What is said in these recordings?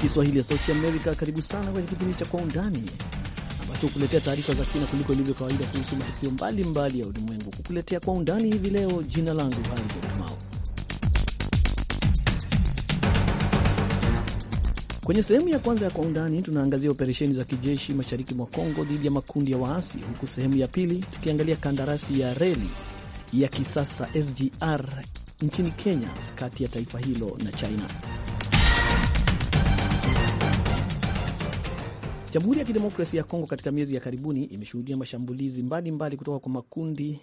Kiswahili ya Sauti Amerika. Karibu sana kwenye kipindi cha Kwa Undani ambacho hukuletea taarifa za kina kuliko ilivyo kawaida kuhusu matukio mbalimbali ya ulimwengu. Kukuletea Kwa Undani hivi leo, jina langu Harizon Kamau. Kwenye sehemu ya kwanza ya Kwa Undani tunaangazia operesheni za kijeshi mashariki mwa Kongo dhidi ya makundi ya waasi, huku sehemu ya pili tukiangalia kandarasi ya reli ya kisasa SGR nchini Kenya, kati ya taifa hilo na China. Jamhuri ya Kidemokrasia ya Kongo katika miezi ya karibuni imeshuhudia mashambulizi mbalimbali mbali kutoka kwa makundi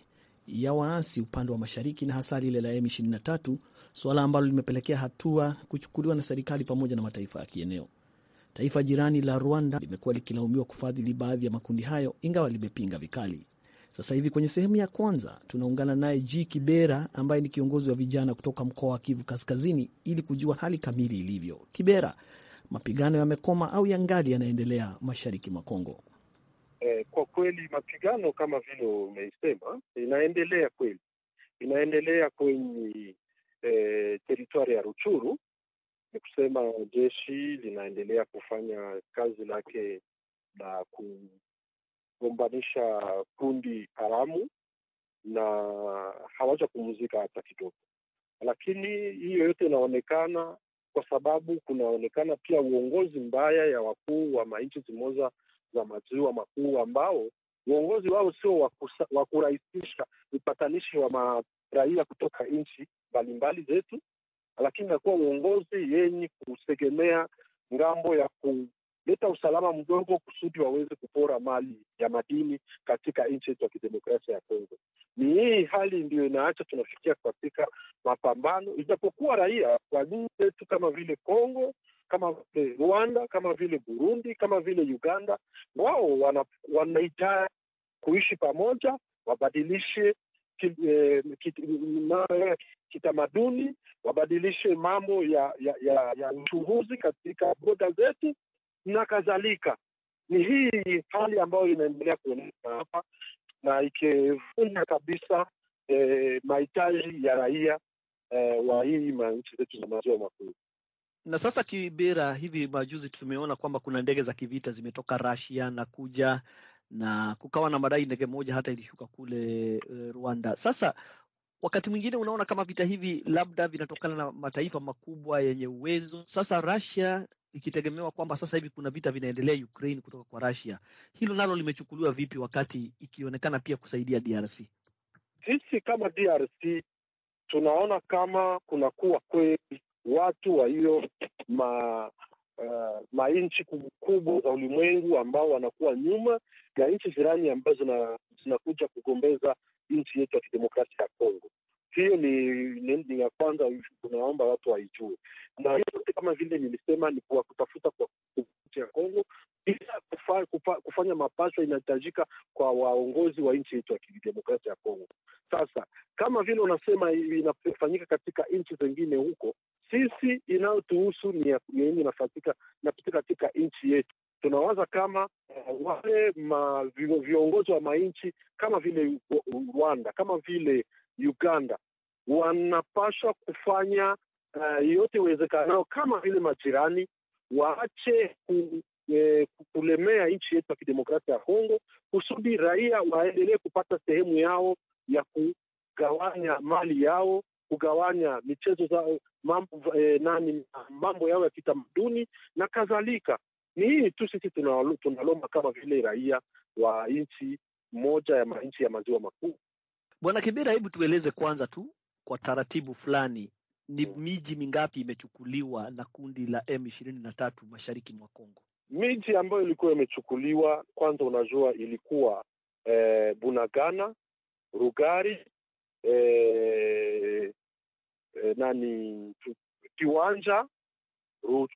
ya waasi upande wa mashariki na hasa lile la M23, suala ambalo limepelekea hatua kuchukuliwa na serikali pamoja na mataifa ya kieneo. Taifa jirani la Rwanda limekuwa likilaumiwa kufadhili baadhi ya makundi hayo, ingawa limepinga vikali. Sasa hivi kwenye sehemu ya kwanza tunaungana naye G Kibera ambaye ni kiongozi wa vijana kutoka mkoa wa Kivu Kaskazini ili kujua hali kamili ilivyo. Kibera, mapigano yamekoma au yangali yanaendelea mashariki mwa Kongo? Eh, kwa kweli mapigano kama vile umeisema inaendelea kweli, inaendelea kwenye eh, teritwari ya Ruchuru. Ni kusema jeshi linaendelea kufanya kazi lake la kugombanisha kundi haramu na hawaja kumuzika hata kidogo, lakini hiyo yote inaonekana kwa sababu kunaonekana pia uongozi mbaya ya wakuu wa manchi zimoja za maziwa makuu ambao uongozi wao sio wa kurahisisha upatanishi wa maraia kutoka nchi mbalimbali zetu, lakini inakuwa uongozi yenye kusegemea ngambo ya leta usalama mdogo kusudi waweze kupora mali ya madini katika nchi yetu ya kidemokrasia ya Kongo. Ni hii hali ndiyo inaacha tunafikia katika mapambano, ijapokuwa raia wa nchi zetu kama vile Kongo kama vile Rwanda, kama vile Burundi, kama vile Uganda, wao wanahitaji wana kuishi pamoja, wabadilishe eh, kitamaduni, wabadilishe mambo ya, ya, ya uchunguzi katika boda zetu, na kadhalika. Ni hii hali ambayo inaendelea kuonekana hapa na ikivunja kabisa eh, mahitaji ya raia eh, wa hii manchi zetu za maziwa makuu. Na sasa Kibera, hivi majuzi tumeona kwamba kuna ndege za kivita zimetoka Russia na kuja na kukawa na madai, ndege moja hata ilishuka kule eh, Rwanda. Sasa wakati mwingine unaona kama vita hivi labda vinatokana na mataifa makubwa yenye uwezo. Sasa Russia ikitegemewa kwamba sasa hivi kuna vita vinaendelea Ukraine kutoka kwa Russia. Hilo nalo limechukuliwa vipi, wakati ikionekana pia kusaidia DRC? Sisi kama DRC tunaona kama kunakuwa kweli watu wa hiyo ma uh, eh, manchi kubwa za ulimwengu ambao wanakuwa nyuma ya nchi jirani ambazo zinakuja kugombeza nchi yetu ya kidemokrasia ya Kongo hiyo ni, ni, ni ya kwanza tunaomba watu waijue, na yote kama vile nilisema ni kuwa kutafuta kwa nchi ya Kongo bila kufa, kufa, kufanya mapasha inahitajika kwa waongozi wa nchi yetu ya kidemokrasia ya Kongo. Sasa kama vile unasema inafanyika katika nchi zingine huko, sisi inayotuhusu ni yenye inafatika inapitika katika nchi yetu tunawaza kama uh, wale viongozi wa manchi kama vile Rwanda, kama vile Uganda wanapaswa kufanya uh, yote iwezekanao kama vile majirani waache ku, eh, kulemea nchi yetu ya kidemokrasia ya Kongo kusudi raia waendelee kupata sehemu yao ya kugawanya mali yao kugawanya michezo zao mambo, eh, nani mambo yao ya kitamaduni na kadhalika. Ni hii tu sisi tunalomba kama vile raia wa nchi moja ya nchi ya maziwa makuu. Bwana Kibira, hebu tueleze kwanza tu kwa taratibu fulani. Ni mm. miji mingapi imechukuliwa na kundi la m tatu mashariki mwa Kongo? Miji ambayo ilikuwa imechukuliwa, kwanza unajua ilikuwa eh, Bunagana, Rugari, eh, eh, nani Kiwanja,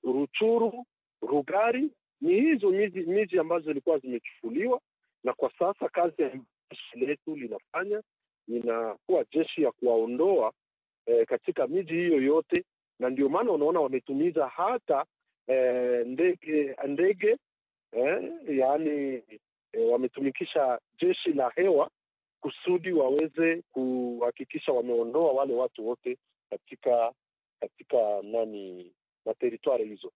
Ruchuru, Rugari. Ni hizo miji, miji ambazo zilikuwa zimechukuliwa, na kwa sasa kazi ya jeshi letu linafanya inakuwa jeshi ya kuwaondoa e, katika miji hiyo yote, na ndio maana unaona wametumiza hata e, ndege ndege e, yaani e, wametumikisha jeshi la hewa kusudi waweze kuhakikisha wameondoa wale watu wote katika katika nani na hizo.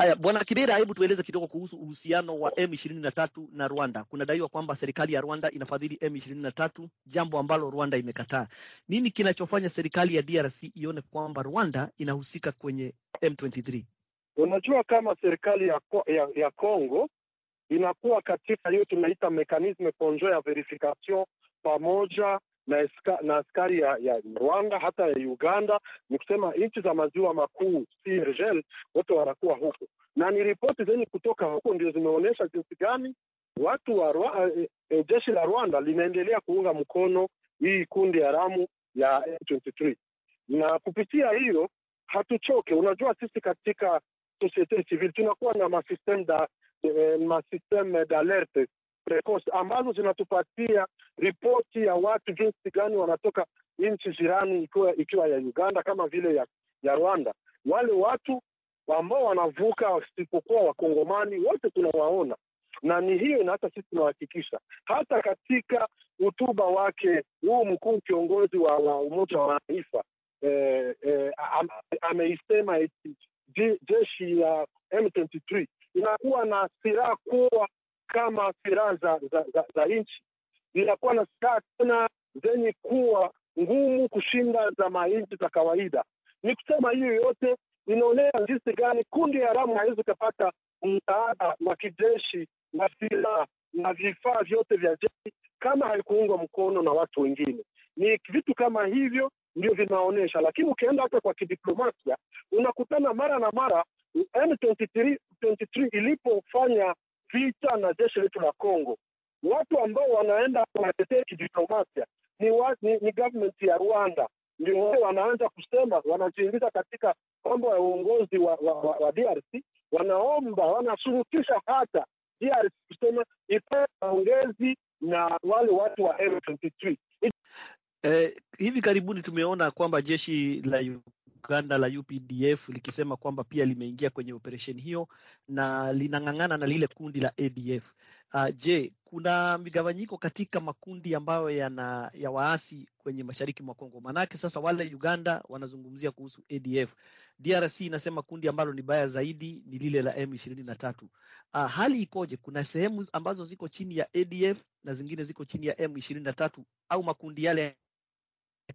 Haya, Bwana Kibera, hebu tueleze kidogo kuhusu uhusiano wa M23 na Rwanda. Kunadaiwa kwamba serikali ya Rwanda inafadhili M23, jambo ambalo Rwanda imekataa. Nini kinachofanya serikali ya DRC ione kwamba Rwanda inahusika kwenye M23? Unajua, kama serikali ya, ya, ya Congo inakuwa katika hiyo tunaita mekanisme conjoint ya verification pamoja na, eska, na askari ya, ya Rwanda hata ya Uganda. Ni kusema nchi za maziwa makuu CIRGL wote wanakuwa huko, na ni ripoti zenye kutoka huko ndio zimeonyesha jinsi gani watu wa Rwa, eh, eh, eh jeshi la Rwanda linaendelea kuunga mkono hii kundi haramu ya M23, na kupitia hiyo hatuchoke. Unajua, sisi katika societe civile tunakuwa na masystem da, e, eh, masystem d'alerte records ambazo zinatupatia ripoti ya watu jinsi gani wanatoka nchi jirani, ikiwa ikiwa ya Uganda kama vile ya, ya Rwanda. Wale watu ambao wanavuka wasipokuwa Wakongomani wote tunawaona, na ni hiyo, na hata sisi tunahakikisha hata katika hutuba wake huu mkuu kiongozi wa, wa Umoja wa Mataifa eh, eh, am, ameisema eti jeshi ya M23 inakuwa na silaha kuwa kama silaha za, za, za, za nchi, zinakuwa na silaha tena zenye kuwa ngumu kushinda za manchi za kawaida. Ni kusema hiyo yote inaonea jinsi gani kundi ya haramu haiwezi ikapata msaada wa kijeshi na silaha na vifaa vyote vya jeshi kama haikuungwa mkono na watu wengine. Ni vitu kama hivyo ndio vinaonyesha, lakini ukienda hata kwa kidiplomasia unakutana mara na mara 23 M23 ilipofanya vita na jeshi letu la Kongo. Watu ambao wanaenda kuwatetea kidiplomasia ni, wa, ni, ni government ya Rwanda ndio wao wanaanza kusema, wanajiingiza katika mambo ya uongozi wa, wa, wa, wa DRC, wanaomba wanashurutisha hata DRC kusema ipate maongezi na wale watu wa M23. Eh, hivi karibuni tumeona kwamba jeshi la Uganda la UPDF likisema kwamba pia limeingia kwenye operesheni hiyo na linang'ang'ana na lile kundi la ADF. Uh, ah, je, kuna migawanyiko katika makundi ambayo yana ya waasi kwenye mashariki mwa Kongo? Maanake sasa wale Uganda wanazungumzia kuhusu ADF, DRC inasema kundi ambalo ni baya zaidi ni lile la M23. Uh, ah, hali ikoje? Kuna sehemu ambazo ziko chini ya ADF na zingine ziko chini ya M23 au makundi yale ya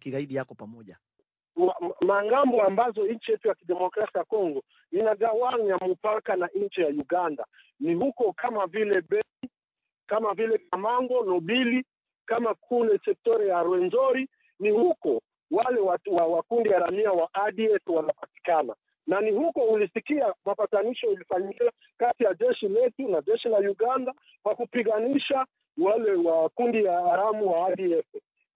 kigaidi yako pamoja? mangambo ambazo nchi yetu ya kidemokrasia ya Kongo inagawanya mpaka na nchi ya Uganda ni huko, kama vile Beni, kama vile Kamango, Nobili, kama kule sektori ya Rwenzori, ni huko wale watu wa wakundi ya ramia wa ADF wanapatikana, na ni huko ulisikia mapatanisho ilifanyika kati ya jeshi letu na jeshi la Uganda kwa kupiganisha wale wa kundi ya haramu wa ADF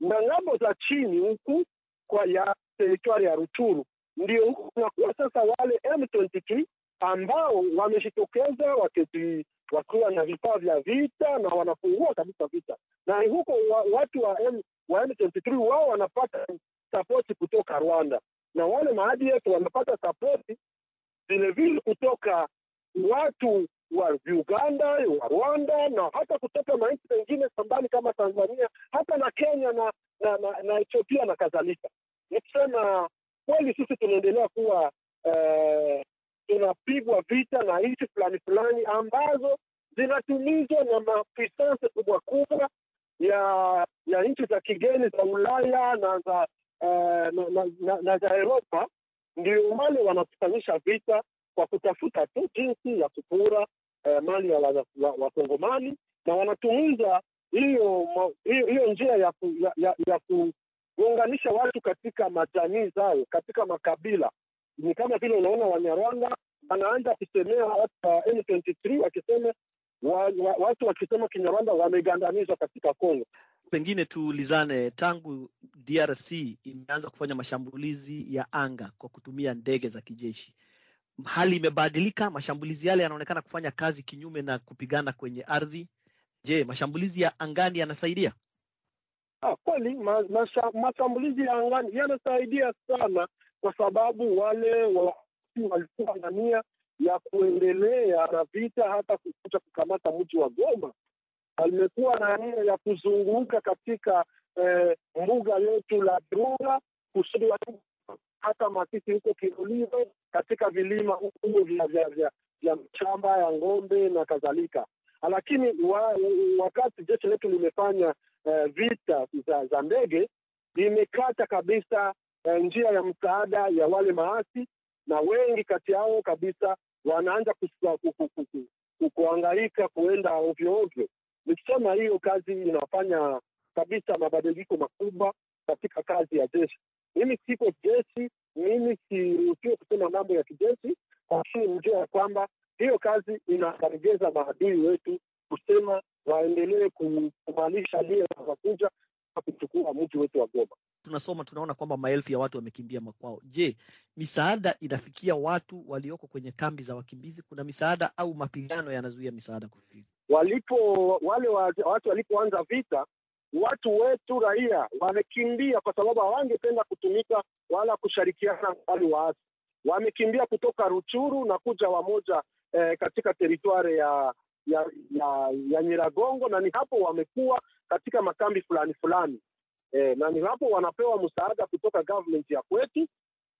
na ngambo za chini huku kwa ya teritwari ya Ruchuru. Ndio kunakuwa sasa wale M23 ambao wamejitokeza wakati wakiwa na vifaa vya vita na wanafungua kabisa vita, na huko wa, watu wa, M, wa M23 wao wanapata sapoti kutoka Rwanda na wale maadi yetu wanapata sapoti vilevile kutoka watu wa Uganda, wa Rwanda na hata kutoka manchi mengine sambali kama Tanzania, hata na Kenya na na, na, na Ethiopia na kadhalika ni kusema kweli, sisi tunaendelea kuwa eh, tunapigwa vita na nchi fulani fulani ambazo zinatumizwa na mafisanse kubwa kubwa ya ya nchi za kigeni za Ulaya na za eh, na, na, na, na za Europa. Ndio wale wanakutanisha vita kwa kutafuta tu jinsi ya kupura eh, mali ya Wakongomani wa, wa na wanatumiza hiyo hiyo njia ya, ku, ya, ya, ya, ku, kuunganisha watu katika majamii zao, katika makabila. Ni kama vile unaona Wanyarwanda wanaanza kusemea watu wa M23 wakisema wa, wa, watu wakisema Kinyarwanda wamegandamizwa katika Kongo. Pengine tuulizane, tangu DRC imeanza kufanya mashambulizi ya anga kwa kutumia ndege za kijeshi, hali imebadilika. Mashambulizi yale yanaonekana kufanya kazi kinyume na kupigana kwenye ardhi. Je, mashambulizi ya angani yanasaidia? Ah, kweli mashambulizi ya angani yanasaidia sana, kwa sababu wale waasi walikuwa na nia ya kuendelea na vita hata kukuja kukamata mji wa Goma. Alimekuwa na nia ya kuzunguka katika eh, mbuga letu la Virunga kusudi hata Masisi huko Kiloliro, katika vilima huko vya vya vya mchamba ya ng'ombe na kadhalika. Lakini wa, wakati jeshi letu limefanya uh, vita za, za ndege limekata kabisa uh, njia ya msaada ya wale maasi, na wengi kati yao kabisa wanaanza kuangaika kuenda ovyoovyo Nikisema hiyo kazi inafanya kabisa mabadiliko makubwa katika kazi ya jeshi. Mimi siko jeshi, mimi siruhusiwe kusema mambo ya kijeshi, lakini mjua ya kwamba hiyo kazi inakaribeza maadui wetu kusema waendelee kumaanisha nia wanakuja na kuchukua mji wetu wa Goma. Tunasoma tunaona kwamba maelfu ya watu wamekimbia makwao. Je, misaada inafikia watu walioko kwenye kambi za wakimbizi? Kuna misaada au mapigano yanazuia misaada kufika? Walipo wale watu walipoanza vita, watu wetu raia wamekimbia kwa sababu hawangependa kutumika wala kushirikiana na wale waasi. Wamekimbia kutoka Ruchuru na kuja wamoja eh, katika teritwari ya ya, ya ya Nyiragongo, na ni hapo wamekuwa katika makambi fulani fulani eh, na ni hapo wanapewa msaada kutoka government ya kwetu.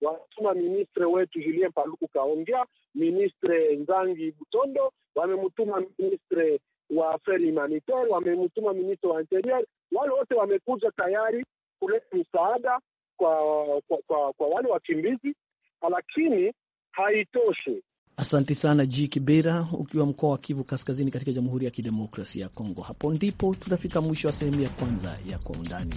Wanatuma ministre wetu Julien Paluku kaongea, ministre Nzangi Butondo wamemtuma ministre wa affaires humanitaire wamemtuma ministre wa interior. Wale wote wamekuja tayari kuleta msaada kwa, kwa, kwa, kwa wale wakimbizi, lakini haitoshi asanti sana j Kibera, ukiwa mkoa wa Kivu Kaskazini katika Jamhuri ya Kidemokrasia ya Kongo. Hapo ndipo tunafika mwisho wa sehemu ya kwanza ya Kwa Undani.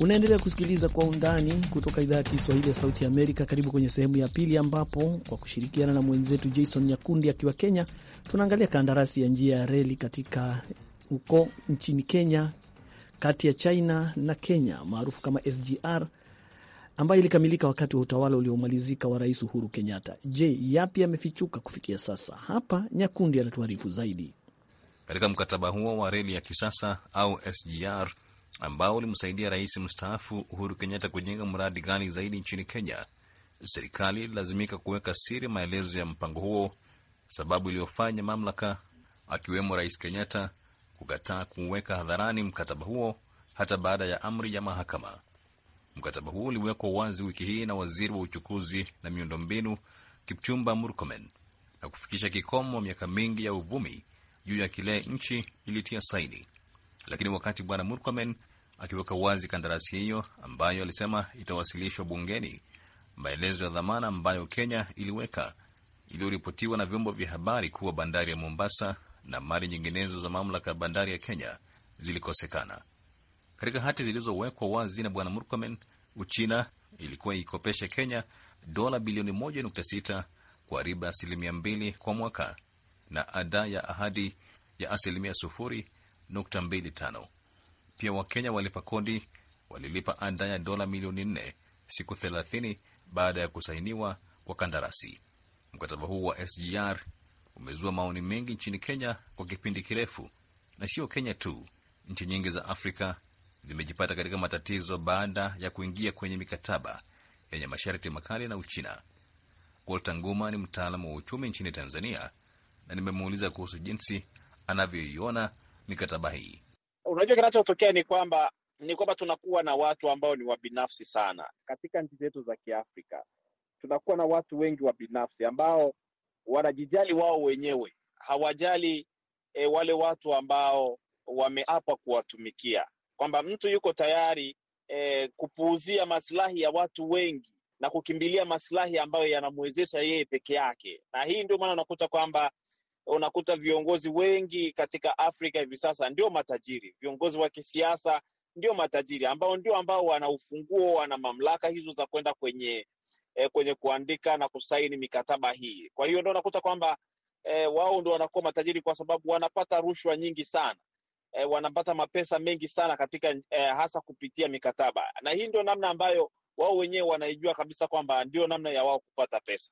Unaendelea kusikiliza Kwa Undani kutoka idhaa ya Kiswahili ya Sauti ya Amerika. Karibu kwenye sehemu ya pili, ambapo kwa kushirikiana na mwenzetu Jason Nyakundi akiwa Kenya, tunaangalia kandarasi ya njia ya reli katika huko nchini Kenya, kati ya China na Kenya maarufu kama SGR ambayo ilikamilika wakati wa utawala uliomalizika wa Rais Uhuru Kenyatta. Je, yapi yamefichuka kufikia sasa? Hapa Nyakundi anatuarifu zaidi. Katika mkataba huo wa reli ya kisasa au SGR ambao ulimsaidia rais mstaafu Uhuru Kenyatta kujenga mradi gani zaidi nchini Kenya, serikali ililazimika kuweka siri maelezo ya mpango huo, sababu iliyofanya mamlaka akiwemo Rais Kenyatta kukataa kuweka hadharani mkataba huo hata baada ya amri ya mahakama. Mkataba huo uliwekwa wazi wiki hii na waziri wa uchukuzi na miundombinu Kipchumba Murkomen na kufikisha kikomo miaka mingi ya uvumi juu ya kile nchi ilitia saini lakini wakati Bwana Murkomen akiweka wazi kandarasi hiyo ambayo alisema itawasilishwa bungeni, maelezo ya dhamana ambayo Kenya iliweka iliyoripotiwa na vyombo vya habari kuwa bandari ya Mombasa na mali nyinginezo za mamlaka ya bandari ya Kenya zilikosekana. Katika hati zilizowekwa wazi na Bwana Murkomen, Uchina ilikuwa ikopesha Kenya dola bilioni 1.6 kwa riba asilimia 2 kwa mwaka na ada ya ahadi ya asilimia sufuri 1.25. Pia Wakenya walipa kodi walilipa ada ya dola milioni 4 siku 30 baada ya kusainiwa kwa kandarasi. Mkataba huu wa SGR umezua maoni mengi nchini Kenya kwa kipindi kirefu, na sio Kenya tu. Nchi nyingi za Afrika zimejipata katika matatizo baada ya kuingia kwenye mikataba yenye masharti makali na Uchina. Walter Nguma ni mtaalamu wa uchumi nchini Tanzania, na nimemuuliza kuhusu jinsi anavyoiona mikataba hii. Unajua, kinachotokea ni kwamba ni kwamba tunakuwa na watu ambao ni wabinafsi sana katika nchi zetu za Kiafrika. Tunakuwa na watu wengi wabinafsi ambao wanajijali wao wenyewe, hawajali e, wale watu ambao wameapa kuwatumikia, kwamba mtu yuko tayari e, kupuuzia masilahi ya watu wengi na kukimbilia masilahi ambayo yanamwezesha yeye peke yake, na hii ndio maana unakuta kwamba unakuta viongozi wengi katika Afrika hivi sasa ndio matajiri, viongozi wa kisiasa ndio matajiri ambao ndio ambao wana ufunguo, wana mamlaka hizo za kwenda kwenye eh, kwenye kuandika na kusaini mikataba hii. Kwa hiyo ndio unakuta kwamba eh, wao ndio wanakuwa matajiri kwa sababu wanapata rushwa nyingi sana eh, wanapata mapesa mengi sana katika eh, hasa kupitia mikataba, na hii ndio namna ambayo wao wenyewe wanaijua kabisa kwamba ndio namna ya wao kupata pesa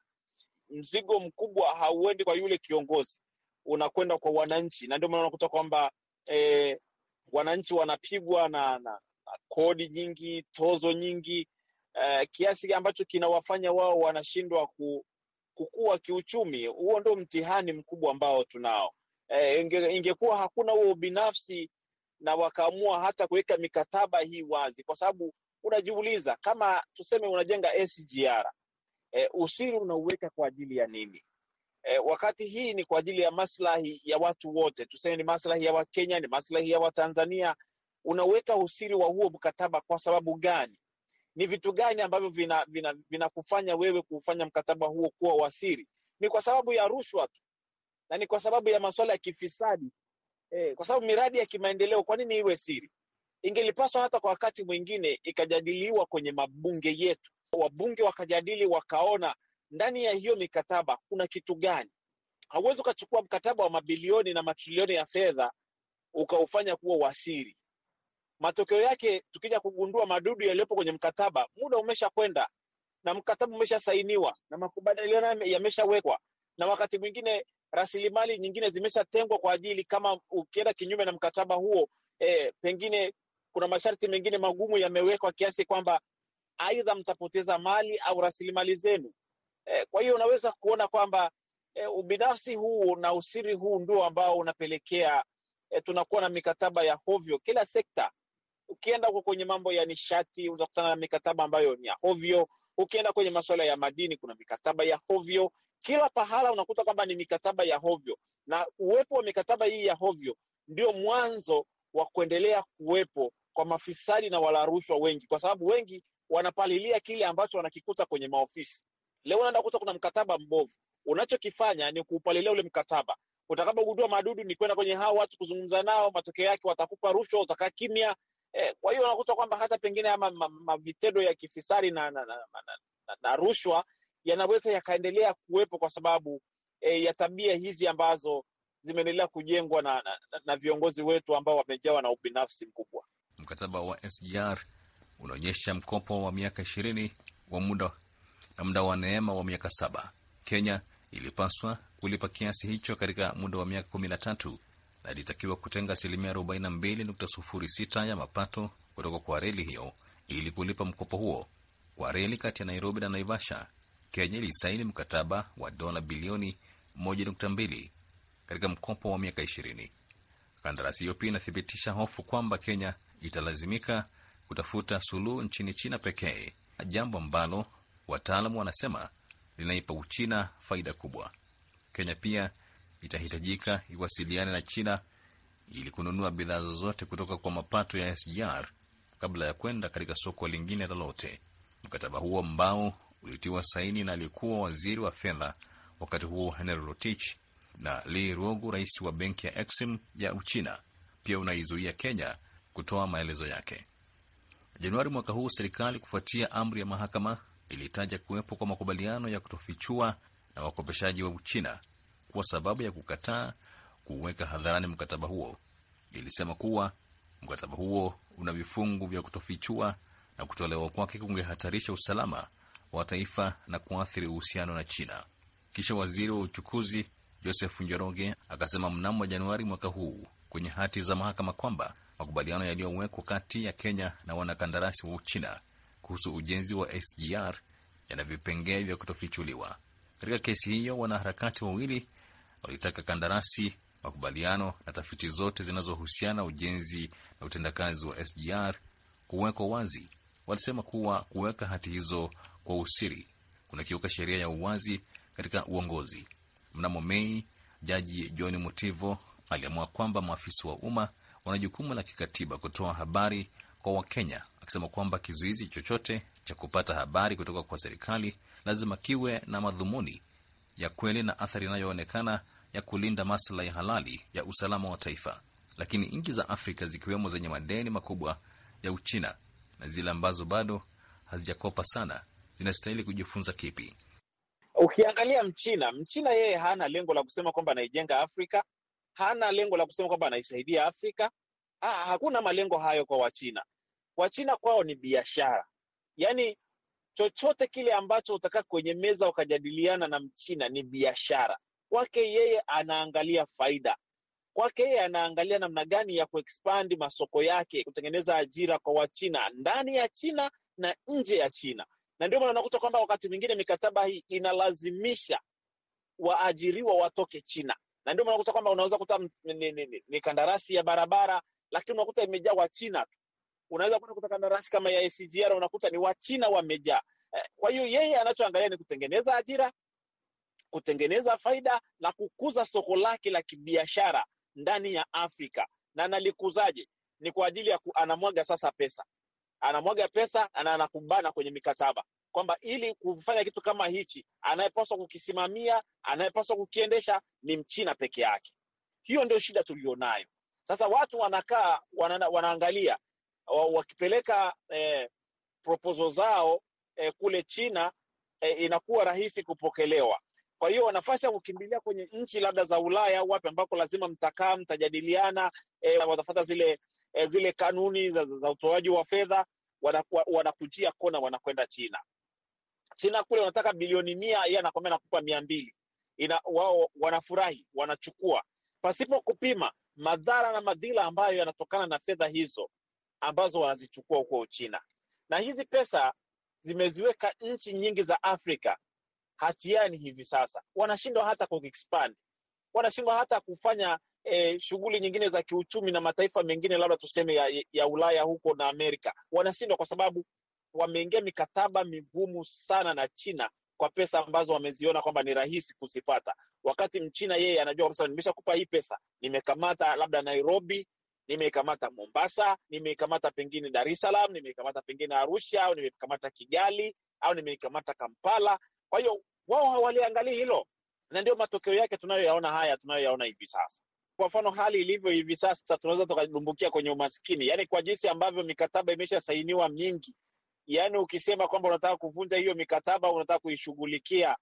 mzigo mkubwa hauendi kwa yule kiongozi, unakwenda kwa wananchi, na ndio maana unakuta kwamba e, wananchi wanapigwa na, na, na kodi nyingi, tozo nyingi Uh, kiasi ambacho kinawafanya wao wanashindwa ku, kukua kiuchumi. Huo ndio mtihani mkubwa ambao tunao. Uh, inge, ingekuwa hakuna huo ubinafsi na wakaamua hata kuweka mikataba hii wazi, kwa sababu unajiuliza kama tuseme unajenga SGR e, usiri unauweka kwa ajili ya nini? E, wakati hii ni kwa ajili ya maslahi ya watu wote, tuseme ni maslahi ya Wakenya, ni maslahi ya Watanzania. Unaweka usiri wa huo mkataba kwa sababu gani? Ni vitu gani ambavyo vinakufanya vina, vina wewe kuufanya mkataba huo kuwa wasiri? Ni kwa sababu ya rushwa tu na ni kwa sababu ya masuala ya kifisadi e, kwa sababu miradi ya kimaendeleo, kwa nini iwe siri? Ingelipaswa hata kwa wakati mwingine ikajadiliwa kwenye mabunge yetu wabunge wakajadili, wakaona ndani ya hiyo mikataba kuna kitu gani. Hauwezi ukachukua mkataba wa mabilioni na matrilioni ya fedha ukaufanya kuwa wasiri. Matokeo yake tukija kugundua madudu yaliyopo kwenye mkataba, muda umeshakwenda na mkataba umeshasainiwa na makubaliano yameshawekwa, na wakati mwingine rasilimali nyingine zimeshatengwa kwa ajili, kama ukienda kinyume na mkataba huo, eh, pengine kuna masharti mengine magumu yamewekwa kiasi kwamba aidha mtapoteza mali au rasilimali zenu. E, kwa hiyo unaweza kuona kwamba e, ubinafsi huu na usiri huu ndio ambao unapelekea e, tunakuwa na mikataba ya hovyo kila sekta. Ukienda huko kwenye mambo ya nishati utakutana na mikataba ambayo ni ya hovyo. Ukienda kwenye masuala ya madini kuna mikataba ya hovyo. Kila pahala unakuta kwamba ni mikataba ya hovyo, na uwepo wa mikataba hii ya hovyo ndio mwanzo wa kuendelea kuwepo kwa mafisadi na walarushwa wengi, kwa sababu wengi wanapalilia kile ambacho wanakikuta kwenye maofisi. Leo unaenda kuta kuna mkataba mbovu, unachokifanya ni kuupalilia ule mkataba. Utakapogundua madudu ni kwenda kwenye hao watu kuzungumza nao, matokeo yake watakupa rushwa, utakaa kimya. Eh, kwa hiyo unakuta kwamba hata pengine ama mavitendo ya kifisari na, na, na, na, na, na rushwa yanaweza yakaendelea kuwepo kwa sababu eh, ya tabia hizi ambazo zimeendelea kujengwa na, na, na viongozi wetu ambao wamejawa na ubinafsi mkubwa. Mkataba wa SGR unaonyesha mkopo wa miaka ishirini wa muda na muda wa neema wa miaka saba. Kenya ilipaswa kulipa kiasi hicho katika muda wa miaka kumi na tatu na ilitakiwa kutenga asilimia arobaini na mbili nukta sufuri sita ya mapato kutoka kwa reli hiyo ili kulipa mkopo huo kwa reli kati ya Nairobi na Naivasha. Kenya ilisaini mkataba wa dola bilioni moja nukta mbili katika mkopo wa miaka ishirini. Kandarasi hiyo pia inathibitisha hofu kwamba Kenya italazimika kutafuta suluhu nchini China pekee, jambo ambalo wataalamu wanasema linaipa Uchina faida kubwa. Kenya pia itahitajika iwasiliane na China ili kununua bidhaa zozote kutoka kwa mapato ya SGR kabla ya kwenda katika soko lingine lolote. Mkataba huo ambao ulitiwa saini na aliyekuwa waziri wa fedha wakati huo Henry Rotich na Li Ruogu, rais wa benki ya Exim ya Uchina, pia unaizuia Kenya kutoa maelezo yake. Januari mwaka huu, serikali kufuatia amri ya mahakama ilitaja kuwepo kwa makubaliano ya kutofichua na wakopeshaji wa Uchina kuwa sababu ya kukataa kuweka hadharani mkataba huo. Ilisema kuwa mkataba huo una vifungu vya kutofichua na kutolewa kwake kungehatarisha usalama wa taifa na kuathiri uhusiano na China. Kisha waziri wa uchukuzi Joseph Njoroge akasema mnamo Januari mwaka huu kwenye hati za mahakama kwamba makubaliano yaliyowekwa kati ya Kenya na wanakandarasi wa Uchina kuhusu ujenzi wa SGR yana vipengee vya kutofichuliwa. Katika kesi hiyo, wanaharakati wawili walitaka kandarasi, makubaliano na tafiti zote zinazohusiana ujenzi na utendakazi wa SGR kuwekwa wazi. Walisema kuwa kuweka hati hizo kwa usiri kunakiuka sheria ya uwazi katika uongozi. Mnamo Mei, Jaji John Mutivo aliamua kwamba maafisa wa umma wana jukumu la kikatiba kutoa habari kwa Wakenya, akisema kwamba kizuizi chochote cha kupata habari kutoka kwa serikali lazima kiwe na madhumuni ya kweli na athari inayoonekana ya kulinda maslahi halali ya usalama wa taifa. Lakini nchi za Afrika zikiwemo zenye madeni makubwa ya Uchina na zile ambazo bado hazijakopa sana zinastahili kujifunza kipi? Ukiangalia Mchina, Mchina yeye hana lengo la kusema kwamba anaijenga Afrika hana lengo la kusema kwamba anaisaidia Afrika. Ah, hakuna malengo hayo kwa Wachina. Wachina kwao ni biashara, yaani chochote kile ambacho utakaa kwenye meza ukajadiliana na mchina ni biashara kwake. Yeye anaangalia faida kwake, yeye anaangalia namna gani ya kuexpand masoko yake, kutengeneza ajira kwa wachina ndani ya China na nje ya China. Na ndio maana unakuta kwamba wakati mwingine mikataba hii inalazimisha waajiriwa watoke China na ndio unakuta kwamba unaweza kuta ni, ni, ni kandarasi ya barabara lakini unakuta imejaa Wachina tu. Unaweza kwenda kuta kandarasi kama ya SGR unakuta ni Wachina wamejaa. Eh, kwa hiyo yeye anachoangalia ni kutengeneza ajira, kutengeneza faida na kukuza soko lake la kibiashara ndani ya Afrika. Na nalikuzaje? Ni kwa ajili ya ku, anamwaga sasa pesa, anamwaga pesa na anakubana kwenye mikataba kwamba ili kufanya kitu kama hichi, anayepaswa kukisimamia, anayepaswa kukiendesha ni mchina peke yake. Hiyo ndio shida tulionayo sasa. Watu wanakaa wana, wanaangalia wakipeleka eh, proposal zao eh, kule China eh, inakuwa rahisi kupokelewa. Kwa hiyo nafasi ya kukimbilia kwenye nchi labda za Ulaya au wapi ambako lazima mtakaa mtajadiliana, eh, watafata zile eh, zile kanuni za, za utoaji wa fedha, wanakujia kona, wanakwenda China. China kule wanataka bilioni mia, yeye anakwambia nakupa mia mbili. Ina wao wanafurahi, wanachukua pasipo kupima madhara na madhila ambayo yanatokana na fedha hizo ambazo wanazichukua huko Uchina. Na hizi pesa zimeziweka nchi nyingi za Afrika hatiani hivi sasa, wanashindwa hata kuexpand, wanashindwa hata kufanya eh, shughuli nyingine za kiuchumi na mataifa mengine labda tuseme ya, ya Ulaya huko na Amerika, wanashindwa kwa sababu wameingia mikataba migumu sana na China kwa pesa ambazo wameziona kwamba ni rahisi kuzipata, wakati mchina yeye anajua kabisa, nimeshakupa hii pesa, nimekamata labda Nairobi, nimeikamata Mombasa, nimeikamata pengine Dar es Salaam, nimeikamata pengine Arusha, au nimekamata Kigali, au nimeikamata Kampala. Kwa hiyo wao hawaliangalii hilo, na ndio matokeo yake tunayoyaona haya tunayoyaona hivi sasa. Kwa mfano, hali ilivyo hivi sasa, tunaweza tukadumbukia kwenye umaskini, yaani kwa jinsi ambavyo mikataba imeshasainiwa mingi Yaani ukisema kwamba unataka kuvunja hiyo mikataba, unataka kuishughulikia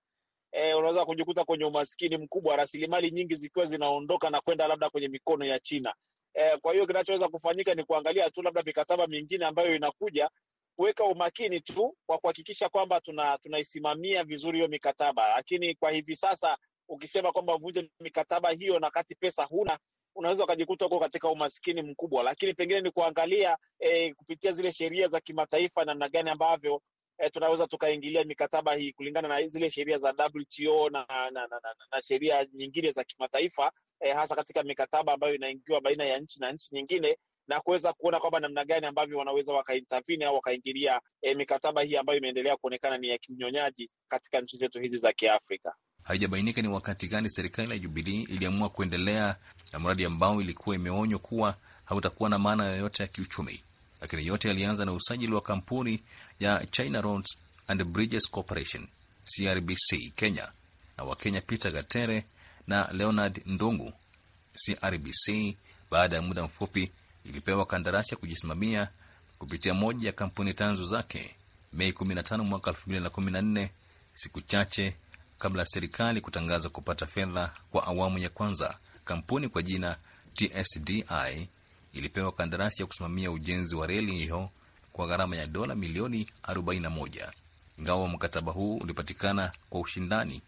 E, unaweza kujikuta kwenye umaskini mkubwa, rasilimali nyingi zikiwa zinaondoka na kwenda labda kwenye mikono ya China. E, kwa hiyo kinachoweza kufanyika ni kuangalia tu labda mikataba mingine ambayo inakuja, kuweka umakini tu kwa kuhakikisha kwamba tuna tunaisimamia vizuri hiyo mikataba. Lakini kwa hivi sasa ukisema kwamba uvunje mikataba hiyo na kati pesa huna, unaweza ukajikuta huko katika umaskini mkubwa, lakini pengine ni kuangalia e, kupitia zile sheria za kimataifa namna gani ambavyo e, tunaweza tukaingilia mikataba hii kulingana na zile sheria za WTO na, na, na, na, na, na sheria nyingine za kimataifa e, hasa katika mikataba ambayo inaingiwa baina ya nchi na nchi nyingine na kuweza kuona kwamba namna gani ambavyo wanaweza wakaintervene au wakaingilia e, mikataba hii ambayo imeendelea kuonekana ni ya kinyonyaji katika nchi zetu hizi za Kiafrika. Haijabainika ni wakati gani serikali ya Jubilii iliamua kuendelea na mradi ambao ilikuwa imeonywa kuwa hautakuwa na maana yoyote ya kiuchumi, lakini yote yalianza na usajili wa kampuni ya China Roads and Bridges Corporation CRBC Kenya na Wakenya Peter Gatere na Leonard Ndungu. CRBC baada ya muda mfupi ilipewa kandarasi ya kujisimamia kupitia moja ya kampuni tanzu zake Mei 15 mwaka 2014, siku chache kabla ya serikali kutangaza kupata fedha kwa awamu ya kwanza. Kampuni kwa jina TSDI ilipewa kandarasi ya kusimamia ujenzi wa reli hiyo kwa gharama ya dola milioni 41. Ingawa mkataba huu ulipatikana kwa ushindani,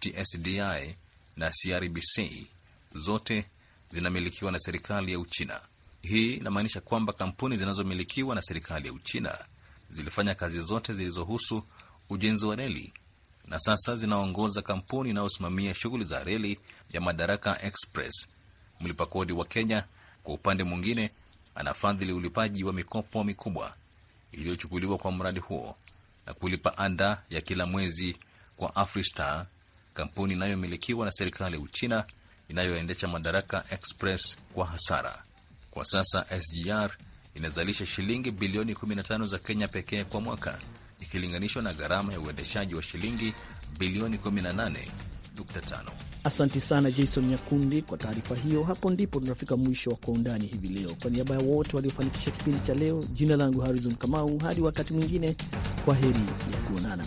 TSDI na CRBC zote zinamilikiwa na serikali ya Uchina. Hii inamaanisha kwamba kampuni zinazomilikiwa na serikali ya Uchina zilifanya kazi zote zilizohusu ujenzi wa reli na sasa zinaongoza kampuni inayosimamia shughuli za reli ya Madaraka Express. Mlipa kodi wa Kenya kwa upande mwingine anafadhili ulipaji wa mikopo mikubwa iliyochukuliwa kwa mradi huo na kulipa ada ya kila mwezi kwa Afristar, kampuni inayomilikiwa na serikali ya Uchina inayoendesha Madaraka Express kwa hasara. Kwa sasa SGR inazalisha shilingi bilioni 15 za Kenya pekee kwa mwaka ikilinganishwa na gharama ya uendeshaji wa shilingi bilioni 18.5. Asanti sana Jason Nyakundi kwa taarifa hiyo. Hapo ndipo tunafika mwisho wa Kwa Undani hivi leo. Kwa niaba ya wote waliofanikisha kipindi cha leo, jina langu Harrison Kamau. Hadi wakati mwingine, kwa heri ya kuonana.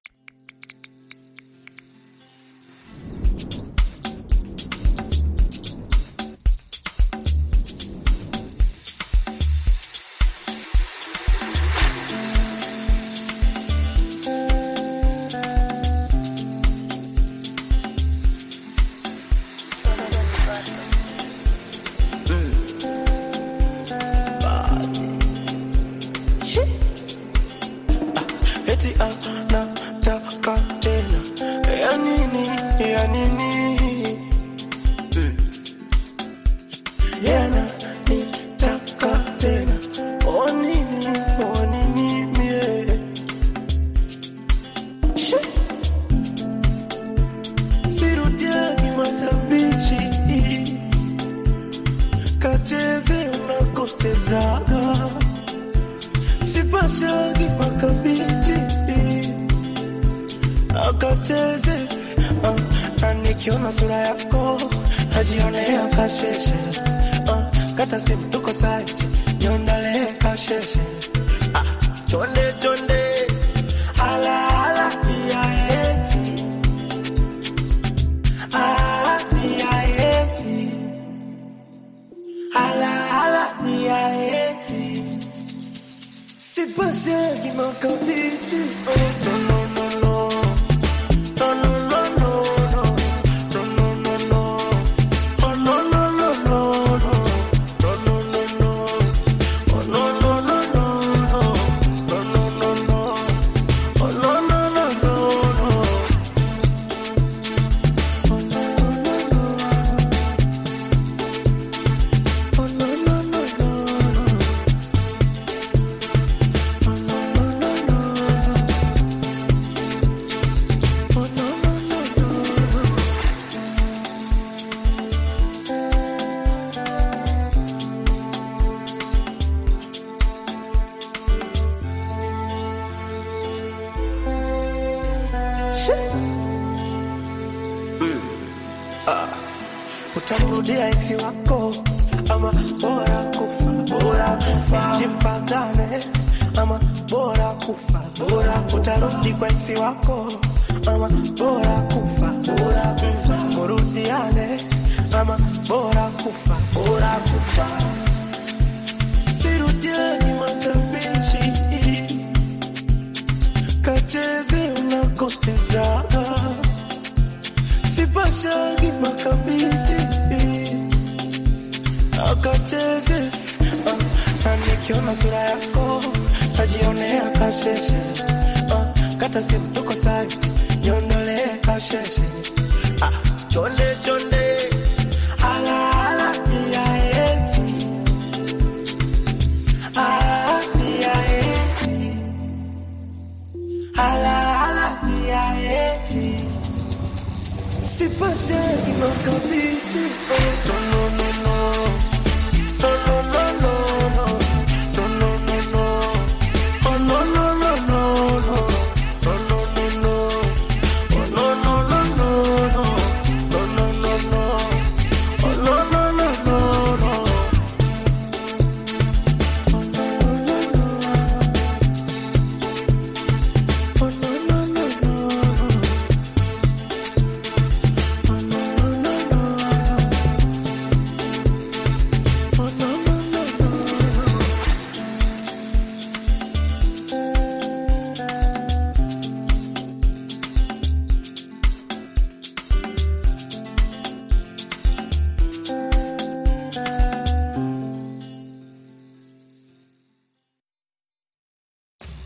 nini Tu peux, j'ai mon copie, tu utamrudia ex wako ama bora kufa bora kufa, jipatane ama bora kufa bora, utarudi kwa ex wako ama bora kufa bora kufa, murudiane ama bora kufa bora kufa, sirudieni matabishi kacheze unakotezaa Kipashagi makabiti akacheze ah, anikiona sura yako ajionea ah, kasheshe kata ah, simtuko sai nyondole kasheshe chonde chonde τι χτυπάς έτοιμα καμπίτσι Τον